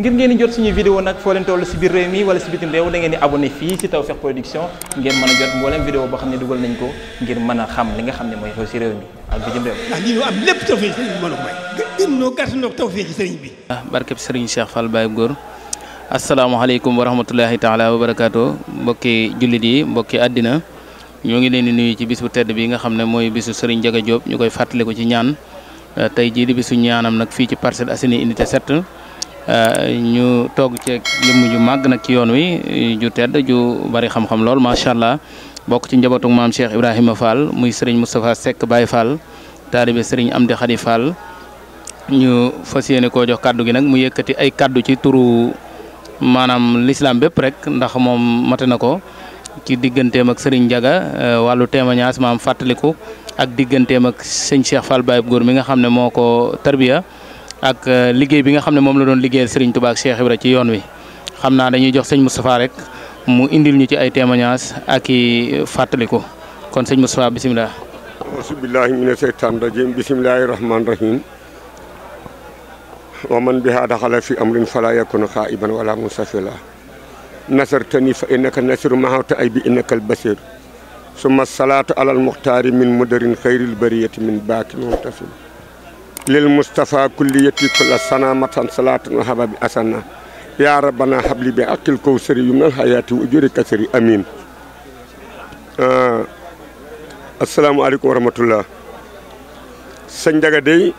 ngir ngeen jot suñu vidéo nag foo leen toll si biir réew mi wala si bitim réew da ngeen di abonné fii si Tawfekh Production ngeen mën a jot mboolem vidéo boo xam ne dugal nañ ko ngir mën a xam li xam ne mooy xew si réew mi ak bitim réew. ndax lii ñu am lépp tawfeex sëriñ bi mën a may. gën noo gàtt noo tawfeex sëriñ bi. Ah, wa rahmatulahi taala wa jullit yi mbokki àddina ñoo ngi leen di ci bis bu tedd bi nga xam ne mooy bisu Serigne Jaga Diop ñu koy fàttaliku ci ñaan ah, tey jii di bisu ñaanam nag fii ci Parcelles indi unité set Euh, ñu toog ceeg jëmm ju màgg nag ci yoon wi ju tedd ju bari xam-xam lool macha allah bokk ci njabootu maam Cheikh Ibrahima Fall muy sëriñ Moustapha Seck Baye Fall taalibe sëriñ Amdi Khady Fall ñu fas yéene jox kaddu gi nag mu yëkkati ay kaddu ci turu maanaam l'islam bépp rek ndax moom mate na ko ci digganteem ak sëriñ njaga euh, wàllu témoignage maam fàttaliku ak digganteem ak sëñ Cheikh Fall Baye góor mi nga xam ne moo ko tarbiya ak euh, liggéey bi nga xam ne moom la doon liggéeyal Serigne Touba ak Cheikh Ibra ci yoon wi xam naa dañuy jox sëñ Moustapha rek mu indil ñu ci ay témoignages ak i euh, fàttaliku kon sëñ Moustapha bisimilah. asubillahi mina seytaan rajim bisimilahi rahmaani rahim wa man bihaa daxala fi amrin fala yakun xaa'iban wala munsafila fa innaka nasir mahawta ay bi innaka al basir summa salaatu alal muxtaari min mudarin xayril bariyati min baakin lil Moustapha kulliyati kulla sana matan salatan wa hababi asana ya rabbana habli bi aqil kawsari yu mel hayati wa ujuri kasari amin asalaamaaleykum wa rahmatullah sëñ Ndiaga day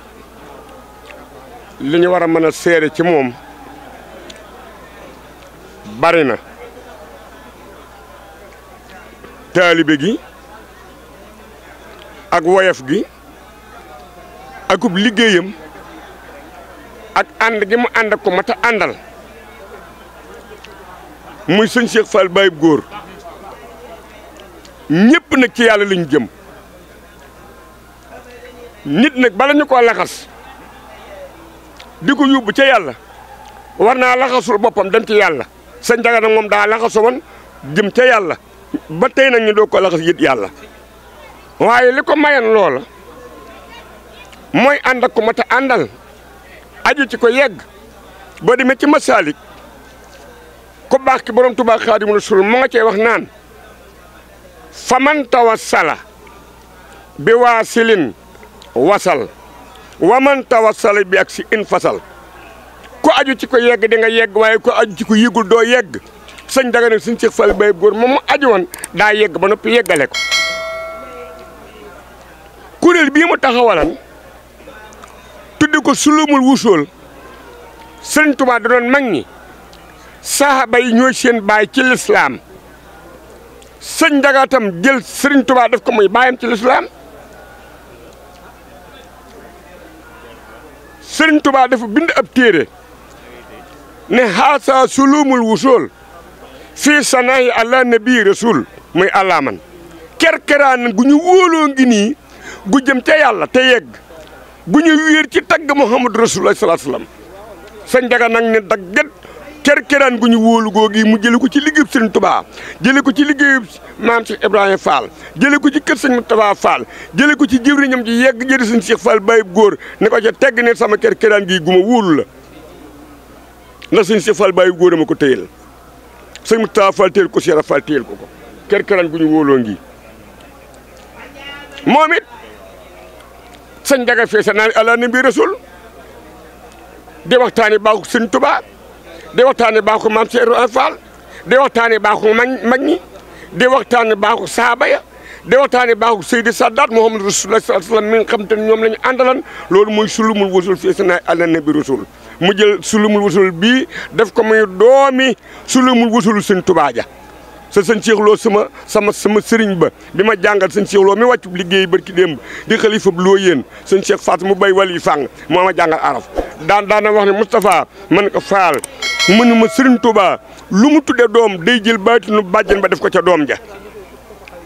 li ñu war a mën seere ci moom bari na taalibe gi ak woyaf gi akub liggéeyam ak ànd gi mu ànd ko mat a àndal muy sëñ Cheikh Fall Baye góor ñëpp nag ci yàlla lañu jëm nit nag bala ñu koo laxas di ko yóbbu ca yàlla war naa laxasul boppam dem ci yàlla sa njaga moom daa laxasu woon jëm ca yàlla ba tey nag doo ko laxas yit yàlla waaye li ko mayan loola mooy ànd ak mat àndal aju ci ko yegg ba demee ci masaalik ko baax ki borom Tuubaa Xaadimu Rasuul mu nga cee wax naan faman tawassala bi waasilin wasal tawa tawassala bi ak si in fasal ku aju ci ko yegg di nga yegg waaye ko aju ci ko yëgul doo yegg sëñ daga ne suñ Seex Fall Baay góor moom mu aju woon daa yegg ba noppi yeggale ko kuréel bii mu taxawalan tuddi ko sulumul wusool sëriñ Tuubaa da doon mag ñi saxaaba yi ñooy seen baay ci lislaam sëñ njagaatam jël sëriñ Tuubaa def ko muy baayam ci lislaam sëriñ Tuubaa dafa bind ab téere ne xaasa sulumul wusool fii sanaayi àla nabi rasul muy alaaman kerkeraan gu ñu wóoloo ngi nii gu jëm ca yàlla te yegg bu ñu wéer ci tagg Muhammad Rasulullah salaatu salaam sañ daga nag ne daggat kerkeraan gu ñu wóolu googi mu jële ko ci liggéeyub Sëriñ Tuubaa jële ko ci liggéeyub maam Cheikh Ibrahima Fall jële ko ci kër Sëriñ Moustapha Fall jële ko ci jëwriñam ji yegg jëri Sëriñ Cheikh Fall bàyyib góor ne ko ca tegg ne sama kerkeraan gii gu ma wóolu la ndax Sëriñ Cheikh Fall bàyyib góor ma ko téyel Sëriñ Moustapha Fall téyel ko Cheikh ko ko kerkeraan gu ñu wóoloo ngi moom sañ njaga feesa naa ni ala ni mbi rasul di waxtaani baaxu sëñ Tuubaa di waxtaani baaxu maam Seeru Faal di waxtaani baaxu mag ñi waxtaani baaxu saaba ya di waxtaani baaxu Seydi Saddaat Muhammadu Rasulullah sallallahu alayhi wasallam mi nga xam te ne ñoom la ñu àndalan loolu mooy sulumul wasul feesa naa ala ni mbi rasul mu jël sulumul wasul bii def ko muy doomi sulumul wasul sëñ Tuubaa ja sa sëñ Cheikh Lo sama sama sama sëriñ ba bi ma jàngal sëñ Cheikh Lo mi wàccub liggéey barki démb di xalifa loo yéen sëñ Cheikh Faat mu bay wal yi fàng ma jàngal araf daan daana wax ne Moustapha man ko faal mënuma sëriñ Touba lu mu tudde doom day jël baatunu bàjjen ba def ko ca doom ja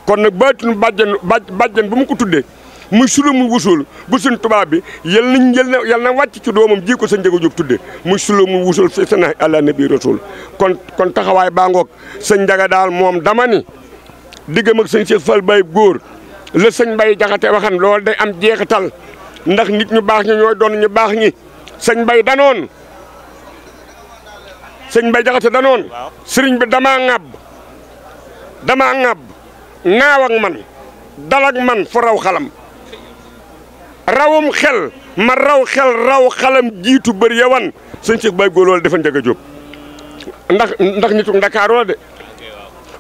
kon nag baatinu bàjjen bu mu ko tuddee muy sulu mu wusul bu suñ tubaab bi yal nañ yal na wàcc ci doomam ji ko sa njëgu jóg tudde muy sulu mu wusul fi sana àla nabi kon kon taxawaay baa ngoog sëñ njaga daal moom dama ni diggam ak sëñ Cheikh Fall Baye góor la sëñ Mbaye Jaxate waxan loolu day am jeexital ndax nit ñu baax ñi ñooy doon ñu baax ñi sëñ bay danoon sëñ Mbaye Jaxate danoon sëriñ bi damaa ŋàbb dama ŋàbb ŋaaw ak man dal man fu raw xalam rawum xel ma raw xel raw xalam jiitu bëri yawan sëñ Cheikh Baye Golo jeg defan Jóob ndax ndax nitu Ndakaaru la de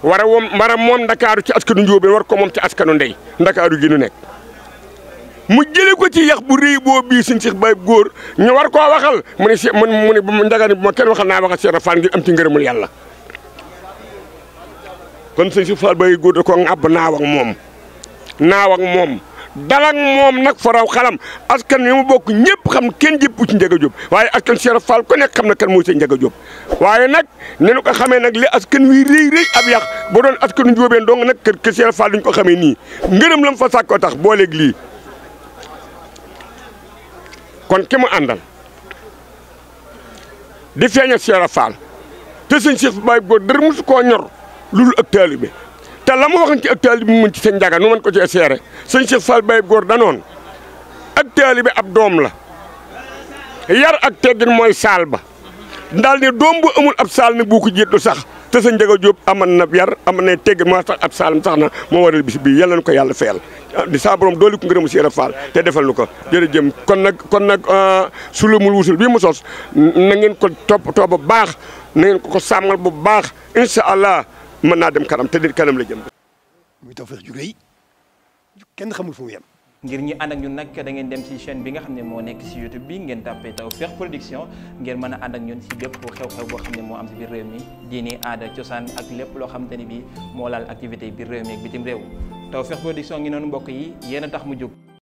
war a woom moom Ndakaaru ci askanu njóobeen war ko moom ci askanu ndey Ndakaaru gi nekk mu jëlee ko ci yax bu rëy boo bii sëñ Cheikh góor ñu war ko waxal mu ne si mu ne mu ne Njaga ni bu kenn waxal naa waxal Cheikh Rafaan ngir am ci ngërëmul yàlla kon sëñ Cheikh Fall góor da ko ŋàbb naaw ak moom naaw moom dalak moom nag fa xalam askan wi mu bokk ñëpp xam kenn jëpp ci Ndiaga Diop waaye askan Cheikh Fall ko nekk xam na kan mooy seen Ndiaga Diop waaye nag ne nu ko xamee nag li askan wi rëy ab yàq ba doon askanu njóobeen dong nag kër kër Cheikh Fall duñ ko xamee nii ngërëm la lam fa sàkkoo tax booleeg lii kon ki mu àndal di feeñal Cheikh Fall te sëñ Cheikh Baye góor dër mosu koo ñor loolu ak taalibe te la mu waxoon ci ak taalibe mu mën ci sëñ Ndiaga nu mën ko ci seere sëñ Cheikh Fall Baye góor danoon ak taalibe ab doom la yar ak teggin mooy saal ba daal ne doom bu amul ab saal nag bu ko jiitu sax te sëñ Ndiaga Diop aman na yar aman na teggin moo tax ab saalam sax na moo waral bisi bi yal na ko yàlla feyal di saa borom dooli ko ngërëmu Cheikh te defal nu ko jërëjëm kon nag kon nag euh, su la mul wusul bi mu sos na ngeen ko toppatoo bu baax na ko ko sàmmal bu baax incha mën naa dem kanam te di kanam la jëm. muy Tawfekh ju rëy kenn xamul fu mu yem. ngir ñi ànd ak ñun nag da ngeen dem ci chaine bi nga xam ne moo nekk ci YouTube bi ngeen tàppee Tawfekh Production ngeen mën a ànd ak ñun ci bépp xew-xew boo xam ne moo am ci biir réew mi diini aada cosaan ak lépp loo xamante ni bi moo laal activité biir réew mi ak bitim réew Tawfekh Production ngi noonu mbokk yi yéen a tax mu jóg.